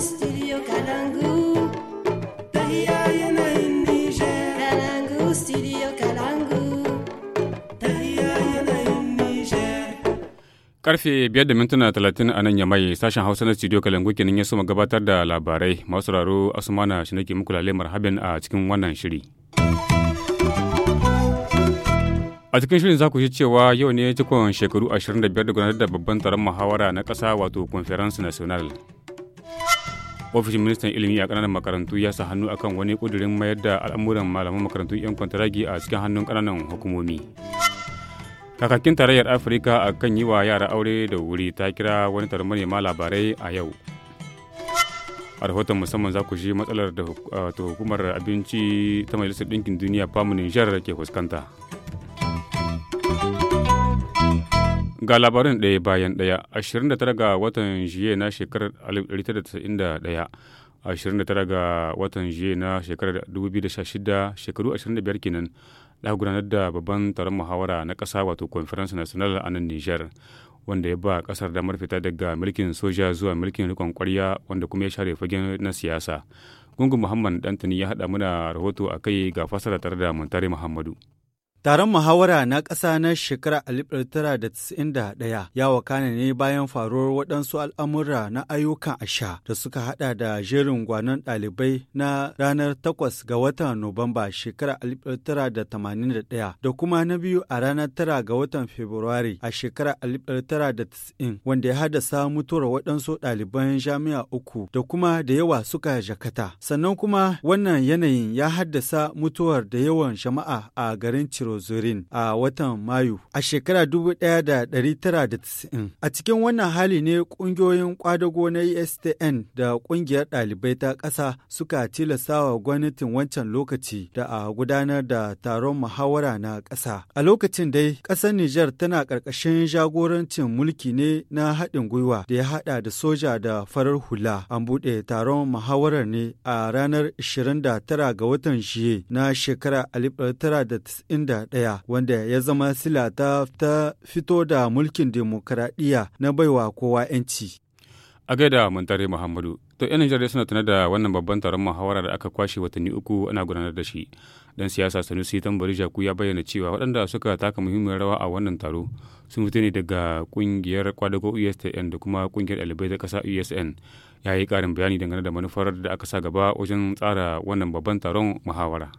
studio Kalangu. Niger. Kalangu studio Kalangu. Niger. Karfe biyar da mintuna talatin a nan Yamai sashen Hausa na studio Kalangu kenan ya soma gabatar da labarai. Masu raro Asumana shi nake muku lalemar habin a cikin wannan shiri. a cikin shirin za ku shi cewa yau ne cikon shekaru 25 da gudanar da babban taron muhawara na ƙasa wato conference national ofishin ministan ilimi a kananan makarantu ya sa hannu akan wani kudirin mayar da al'amuran malaman makarantu 'yan kwantaragi a cikin hannun kananan hukumomi kakakin tarayyar afirka a kan yi wa yara aure da wuri ta kira wani taron manema labarai a yau a rahoton musamman za ku shi matsalar da hukumar abinci ta majalisar ɗinkin duniya famu nijar ke fuskanta Ga labarin ɗaya bayan ɗaya, 29 ga watan jiye na shekarar 1991, 29 ga watan jiye na shekarar 2016, shekaru 25 kenan, da gudanar da babban taron muhawara na ƙasa wato Conference National a nan niger wanda ya ba ƙasar damar fita daga mulkin soja zuwa mulkin rikon ƙwarya wanda kuma ya share fagen na siyasa. Gungun Muhammad Dantani ya haɗa mana rahoto a kai ga fasara tare da Muhammadu. Taron muhawara na ƙasa na shekarar 1991 ya wakana ne bayan faruwar waɗansu al'amura na ayyukan asha da suka hada da jerin gwanon ɗalibai na ranar 8 ga watan Nuwamba shekarar 1981 da kuma na biyu a ranar 9 ga watan Fabrairu a shekarar 1990 wanda ya haddasa mutuwar waɗansu ɗaliban jami'a uku da kuma da yawa suka jakata. Sannan kuma wannan yanayin ya haddasa mutuwar da yawan jama'a a garin Ciro Zorin a watan Mayu a shekara 1990. A cikin wannan hali ne ƙungiyoyin ƙwadago na ESTN da ƙungiyar ɗalibai ta ƙasa suka tilastawa gwamnatin wancan lokaci da a gudanar da taron muhawara na ƙasa. A lokacin dai ƙasar Nijar tana ƙarƙashin jagorancin mulki ne na haɗin gwiwa da ya haɗa da soja da farar hula. An buɗe taron muhawarar ne a ranar 29 ga watan Shiye na shekara 1990 daya wanda ya zama sila ta fito da mulkin demokuraɗiyya na baiwa kowa 'yanci. A gaida Muntare Muhammadu, to 'yan Nijar suna tana da wannan babban taron muhawara da aka kwashe watanni uku ana gudanar da shi. Dan siyasa Sanusi Tambari Jaku ya bayyana cewa waɗanda suka taka muhimmiyar rawa a wannan taro sun fito ne daga ƙungiyar kwadago USN da kuma ƙungiyar ɗalibai ta ƙasa USN. Ya yi ƙarin bayani dangane da manufar da aka sa gaba wajen tsara wannan babban taron muhawara.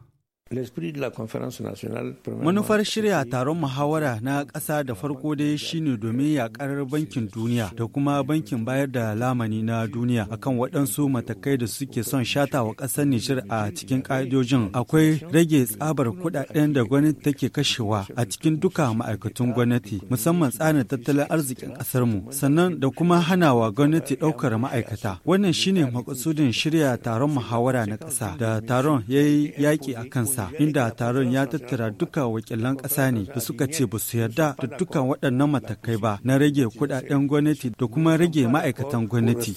Manufar shirya taron muhawara na ƙasa da farko dai shine domin yakar bankin duniya da kuma bankin bayar da lamani na duniya akan waɗansu matakai da suke son shatawa ƙasar Nijar a cikin ƙa'idojin akwai rage tsabar kuɗaɗen da gwamnati take kashewa a cikin duka ma'aikatun gwamnati musamman tsarin tattalin arzikin ƙasar mu sannan da kuma hana wa gwamnati ɗaukar ma'aikata wannan shine makasudin shirya taron muhawara na ƙasa da taron yayi yaƙi a kansa ƙasa inda taron ya tattara duka wakilan ƙasa ne da suka ce ba su yarda da dukkan waɗannan matakai ba na rage kuɗaɗen gwamnati da kuma rage ma'aikatan gwamnati.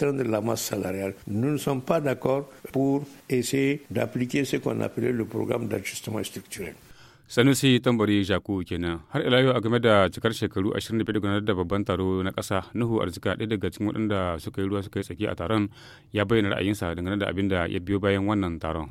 sanusi tambari jaku kenan har ila yau a game da cikar shekaru 25 gudanar da babban taro na kasa nuhu arzika ɗaya daga cikin waɗanda suka yi ruwa suka yi tsaki a taron ya bayyana ra'ayinsa dangane da abin da ya biyo bayan wannan taron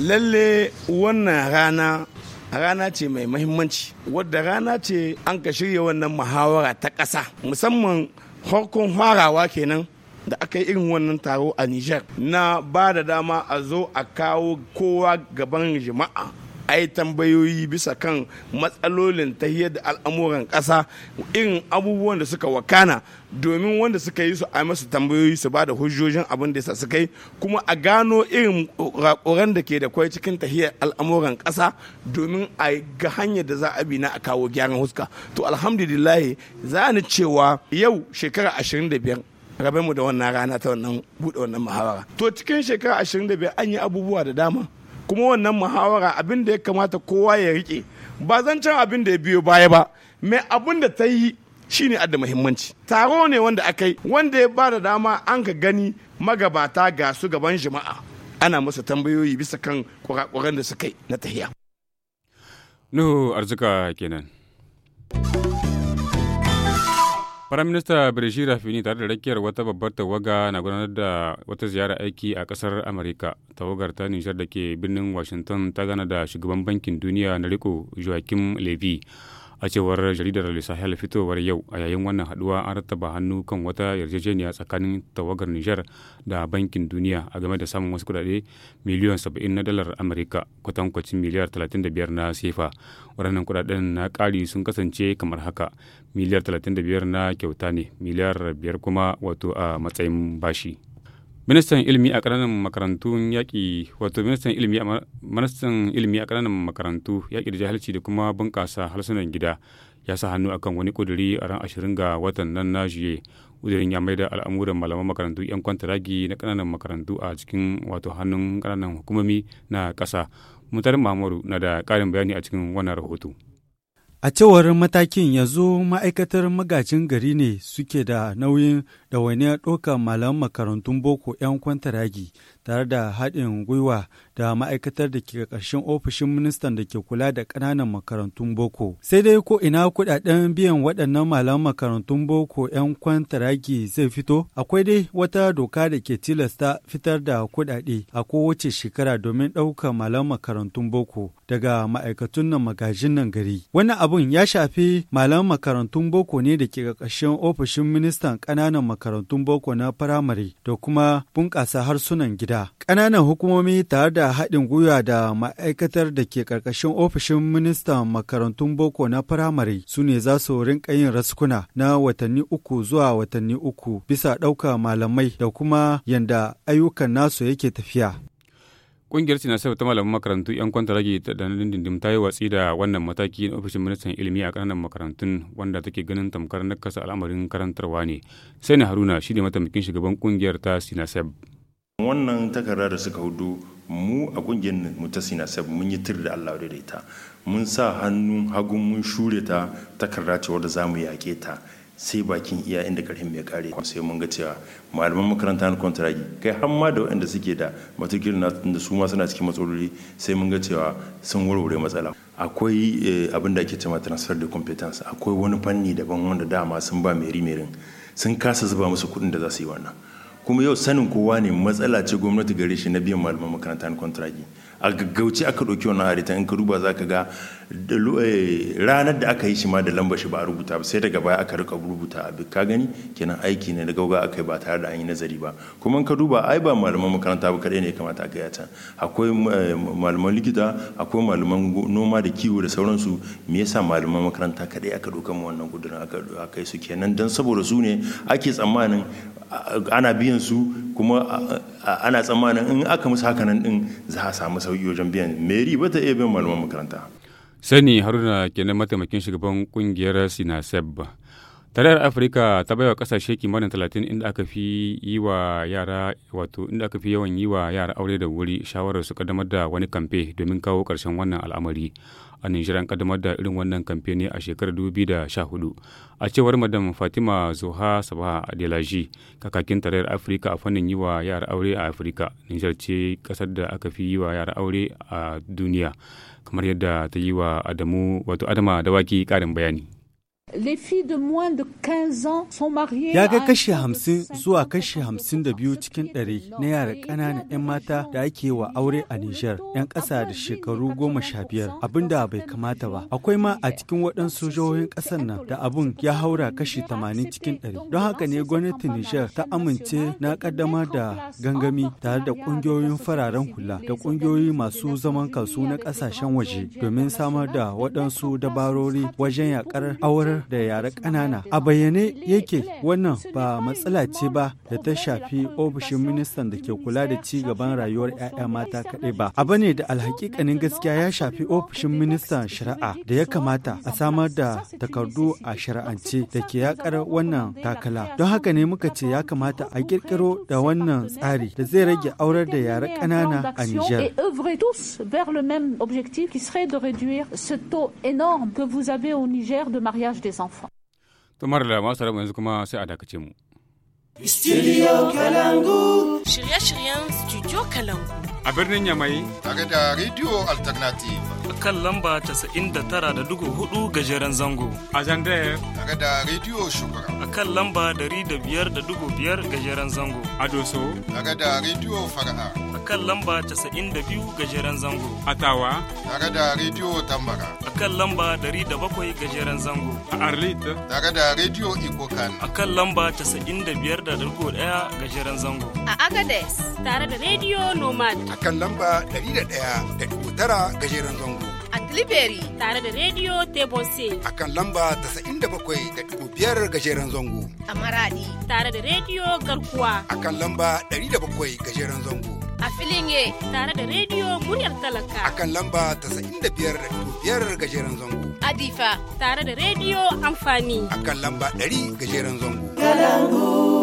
lalle wannan rana rana ce mai mahimmanci wadda rana ce an ka shirya wannan muhawara ta ƙasa musamman harkon farawa kenan da aka yi irin wannan taro a niger na ba da dama a zo a kawo kowa gaban jama'a a yi tambayoyi bisa kan matsalolin ta da al'amuran ƙasa irin abubuwan da suka wakana domin wanda suka yi su a masu tambayoyi su ba da hujjojin abin da sa suka yi kuma a gano irin rakoran da ke da kwai cikin tahiyar al'amuran ƙasa domin a ga hanyar da za a bi na a kawo gyaran huska to alhamdulillah za ni cewa yau shekara 25 rabe mu da wannan rana ta wannan buɗe wannan muhawara to cikin shekara 25 an yi abubuwa da dama kuma wannan muhawara abin da ya kamata kowa ya rike ba zancen abin da ya biyo baya ba mai abin da ta yi shine da muhimmanci taro ne wanda aka yi wanda ya ba da dama an ka gani magabata ga su gaban jama'a ana masa tambayoyi bisa kan kurakuran da suka yi na tahiya nuhu arzika kenan Firaminista Birji Rafini tare da rakiyar wata babbar tawaga na gudanar da wata ziyara aiki a kasar Amurka. Tawagar ta Nijar da ke birnin Washington ta gana da shugaban bankin duniya na riko Joaquim Levy. a cewar jaridar lisahel fitowar yau a yayin wannan haduwa an rattaba hannu kan wata yarjejeniya tsakanin tawagar niger da bankin duniya a game da samun wasu kudade miliyan 70 na dalar amurka kwatankwacin miliyar 35 na sefa waɗannan kudaden na ƙari sun kasance kamar haka miliyar 35 na kyauta ne miliyar 5 kuma wato a matsayin bashi. ministan ilimi a ƙananan makarantu yaƙi wato ministan ilimi a ministan ilimi a ƙananan makarantu yaƙi da jahilci da kuma bunƙasa harsunan gida ya sa hannu akan wani ƙuduri a ran ashirin ga watan nan na juye ƙudurin ya maida al'amuran malaman makarantu 'yan kwantaragi na ƙananan makarantu a cikin wato hannun ƙananan hukumomi na ƙasa mutarin mahamaru na da ƙarin bayani a cikin wannan rahoto. A cewar matakin yanzu ma'aikatar magajin gari ne suke da nauyin ɗawainiyar ɗaukar malaman makarantun boko 'yan kwantaragi tare da haɗin gwiwa da ma'aikatar da ke ƙarshen ofishin ministan da ke kula da ƙananan makarantun boko sai dai ko ina kuɗaɗen biyan waɗannan malaman makarantun boko 'yan kwantaragi zai fito akwai dai wata doka da ke tilasta fitar da kuɗaɗe a kowace shekara domin ɗaukar malaman makarantun boko daga ma'aikatun nan magajin nan gari wannan abun ya shafi malaman makarantun boko ne da ke ƙarshen ofishin ministan ƙananan makarantun boko na firamare da kuma bunƙasa harsunan gida gida. Ƙananan hukumomi tare da haɗin gwiwa da ma'aikatar da ke ƙarƙashin ofishin ministan makarantun boko na firamare su ne za su rinƙa yin raskuna na watanni uku zuwa watanni uku bisa ɗauka malamai da kuma yanda ayyukan nasu yake tafiya. Ƙungiyar Sinasef ta malamin makarantu 'yan kwanta rage da dindindim ta yi watsi da wannan mataki na ofishin ministan ilimi a ƙananan makarantun wanda take ganin tamkar nakasa al'amarin karantarwa ne. Sai na Haruna shi ne mataimakin shugaban ƙungiyar ta Sinasef. wannan takarda da suka hudu mu a kungiyar mu ta Sabu mun yi tir da allah da ita mun sa hannun hagun mun shure ta takarda ce wadda za mu yaƙe ta sai bakin iya inda karhin mai kare sai mun ga cewa malaman makaranta na kontragi kai har ma da waɗanda suke da matukin na da su ma suna cikin matsaloli sai mun ga cewa sun warware matsala akwai eh, abin da ake cewa transfer da competence akwai wani fanni daban wanda dama sun ba merimerin sun kasa zuba musu kuɗin da za su yi wannan kuma yau sanin kowa ne matsala ce gwamnati gare shi na biyan malaman makaranta na kontragi a gaggauce aka ɗauki wannan harita in ka duba za ka ga eh, ranar da aka yi shi ma da lamba shi ba a rubuta ba sai daga baya aka rika rubuta abin ka gani kenan aiki ne na gauga aka yi ba tare da an yi nazari ba kuma in ka duba ai ba malaman makaranta ba kaɗai ne ya kamata a gaya ta akwai eh, malaman likita akwai malaman noma da kiwo da sauransu me yasa malaman makaranta kaɗai aka ɗauka mu wannan gudunar aka yi su kenan don saboda su ne ake tsammanin ana biyan su kuma ana tsammanin in aka musu hakanan din za a samu sauki wajen biyan meri ba iya biyan malaman makaranta sani haruna kenan mataimakin shugaban kungiyar sinaseb tarayyar afirka ta wa kasashe kimanin talatin inda aka fi yi wa yara wato inda aka fi yawan yi wa yara aure da wuri shawarar su kaddamar da wani kamfe domin kawo karshen wannan al'amari a nijiran kaddamar da irin wannan kamfe ne a shekarar 2014 a cewar madam fatima zoha sabaha adelaji kakakin tarayyar afirka a fannin yi wa yara aure a afirka nijar ce kasar da aka fi yi wa yara aure a duniya kamar yadda ta yi wa adamu wato adama dawaki karin bayani Ya ga kashi hamsin zuwa kashi hamsin da biyu cikin ɗari na yara ƙananan 'yan mata da ake wa aure a Nijar 'yan ƙasa da shekaru goma sha biyar abin da bai kamata ba. Akwai ma a cikin waɗansu jihohin ƙasar nan da abun ya haura kashi tamanin cikin ɗari. Don haka ne gwamnatin Nijar ta amince na ƙaddamar da gangami tare da ƙungiyoyin fararen hula da ƙungiyoyi masu zaman kansu na ƙasashen waje domin samar da waɗansu dabarori wajen yaƙar aurar da yare kanana a bayyane yake wannan ba matsala ce ba da ta shafi ofishin ministan da ke kula da ci gaban rayuwar 'ya'ya mata kaɗai ba abu ne da alhakikanin gaskiya ya shafi ofishin ministan shari'a da ya kamata a samar da takardu a shari'ance da ke yakar wannan takala don haka ne muka ce ya kamata a kirkiro da wannan tsari da zai rage aurar da yare ƙanana a Nijar. objectif qui serait de réduire ce taux énorme que Niger de mariage des des enfants. Tumar da yanzu kuma sai a dakace mu. Studio Kalangu. Shirye-shiryen Studio Kalangu. A birnin Yamai. Tare da Radio Alternative. kan lamba 99.4 gajeren zango. A Zandaya. Daga da rediyo Shugura. A kan lamba 105.5 gajeren zango. A Doso. Daga da Rediyo Fara'a. kan lamba 92 gajeren zango. a Tawa. Daga da rediyo Tambara. A kan lamba 107 gajeren zango. A Arlita. Daga da Rediyo Ikokan. A kan lamba 95.1 gajeren zango. A Agades. Tare da rediyo Nomad. A kan lamba 101.9 gajeren zango. liberi. tare da Radio Tebose. A kan lamba biyar gajeren zango. A Maradi tare da Radio Garkuwa. A kan lamba bakwai gajeren zango. A Filinge tare da Radio Muryar Talaka. A kan lamba biyar da biyar gajeren zango. A Difa tare da Radio Amfani. A kan lamba ɗari gajeren zango. Galangu.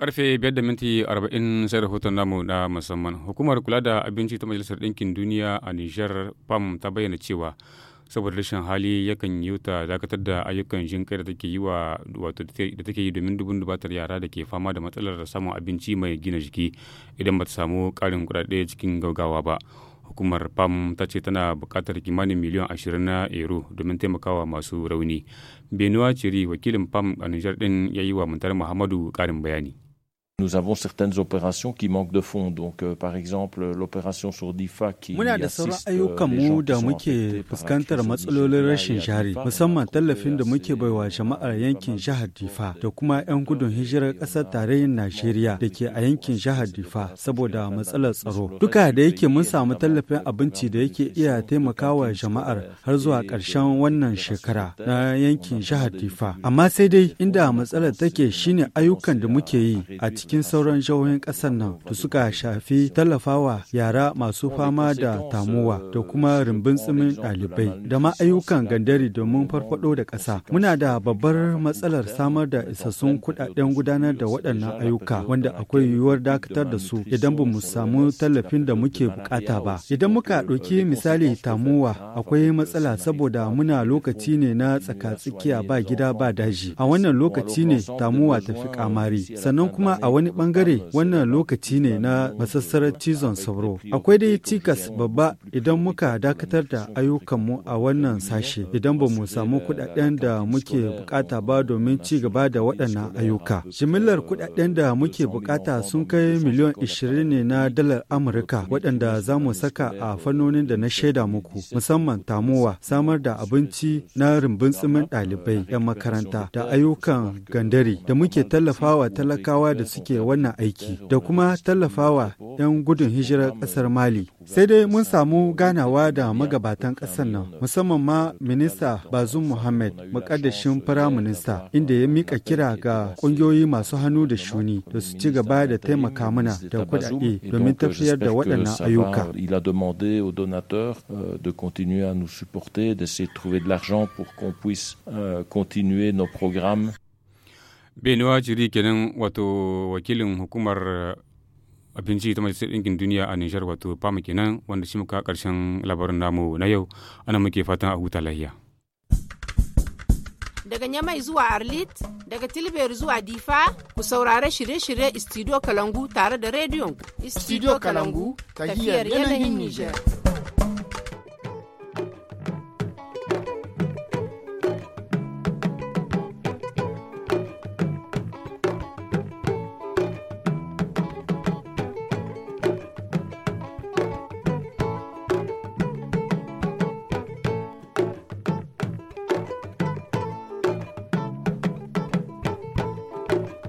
Karfe biyar da minti arba'in sai rahoton namu na musamman. Hukumar kula da abinci ta Majalisar Ɗinkin Duniya a Nijar PAM ta bayyana cewa saboda rashin hali yakan yi ta dakatar da ayyukan jin kai da take yi wa wato domin dubin dubatar yara da ke fama da matsalar samun abinci mai gina jiki idan ba ta samu karin kuɗaɗe cikin gaugawa ba. hukumar pam ta ce tana buƙatar kimanin miliyan ashirin na ero domin taimakawa masu rauni benuwa ciri wakilin pam a nijar din ya yi wa muhammadu ƙarin bayani Nous avons certaines opérations qui manquent de fonds. Donc, euh, par exemple, l'opération sur DIFA qui Muna da sauran ayyukanmu euh, da muke fuskantar matsalolin rashin jari, musamman tallafin da muke baiwa jama'ar yankin jihar Difa da kuma 'yan gudun hijirar ƙasar tarayyar Najeriya da ke a yankin jihar Difa saboda matsalar tsaro. Duka da yake mun samu tallafin abinci da yake iya taimakawa jama'ar har zuwa euh, ƙarshen wannan shekara na yankin jihar Difa. Amma sai dai inda matsalar take shine ayyukan da muke yi a cikin cikin sauran jihohin ƙasar nan da suka shafi tallafawa yara masu fama da tamuwa da kuma rumbun tsimin ɗalibai da ma ayyukan gandari domin farfado da ƙasa. Muna da babbar matsalar samar da isassun kuɗaɗen gudanar da waɗannan ayyuka wanda akwai yiwuwar dakatar da su idan ba mu samu tallafin da muke bukata ba. Idan muka ɗauki misali tamuwa akwai matsala saboda muna lokaci ne na tsaka-tsakiya ba gida ba daji. A wannan lokaci ne tamuwa ta fi kamari. Sannan kuma a wani bangare wannan eh, lokaci ne na masassarar cizon sauro. Akwai dai cikas babba idan muka dakatar da ayyukanmu a wannan sashe idan ba mu samu kudaden da muke bukata ba domin ci gaba da waɗannan ayyuka. Jimillar kudaden da muke bukata sun kai miliyon 20 ne na dalar Amurka waɗanda za mu saka a fannonin da na shaida muku musamman tamuwa samar da abinci na rumbun tsimin ɗalibai 'yan makaranta da ayyukan gandari da muke tallafawa talakawa da suke suke wannan aiki da kuma tallafawa 'yan gudun hijirar ƙasar Mali. Sai dai mun samu ganawa da magabatan ƙasar nan, musamman ma minista Bazum Muhammad, fara firaminista, inda ya mika kira ga ƙungiyoyi masu hannu da shuni da su ci gaba da taimaka mana da kuɗaɗe domin tafiyar da waɗannan ayyuka. Euh, continuer à nous supporter, d'essayer de trouver benuwa jiri kenan wato wakilin hukumar eh, abinci ta majalisar ɗinkin duniya a nijar wato fama kenan wanda shi muka karshen labarin namu na yau ana muke fatan a huta lahiya daga nyamai zuwa arlit daga tilber zuwa difa ku saurare shirye-shirye studio kalangu tare da rediyon studio kalangu tafiyar yanayin nijar Thank you.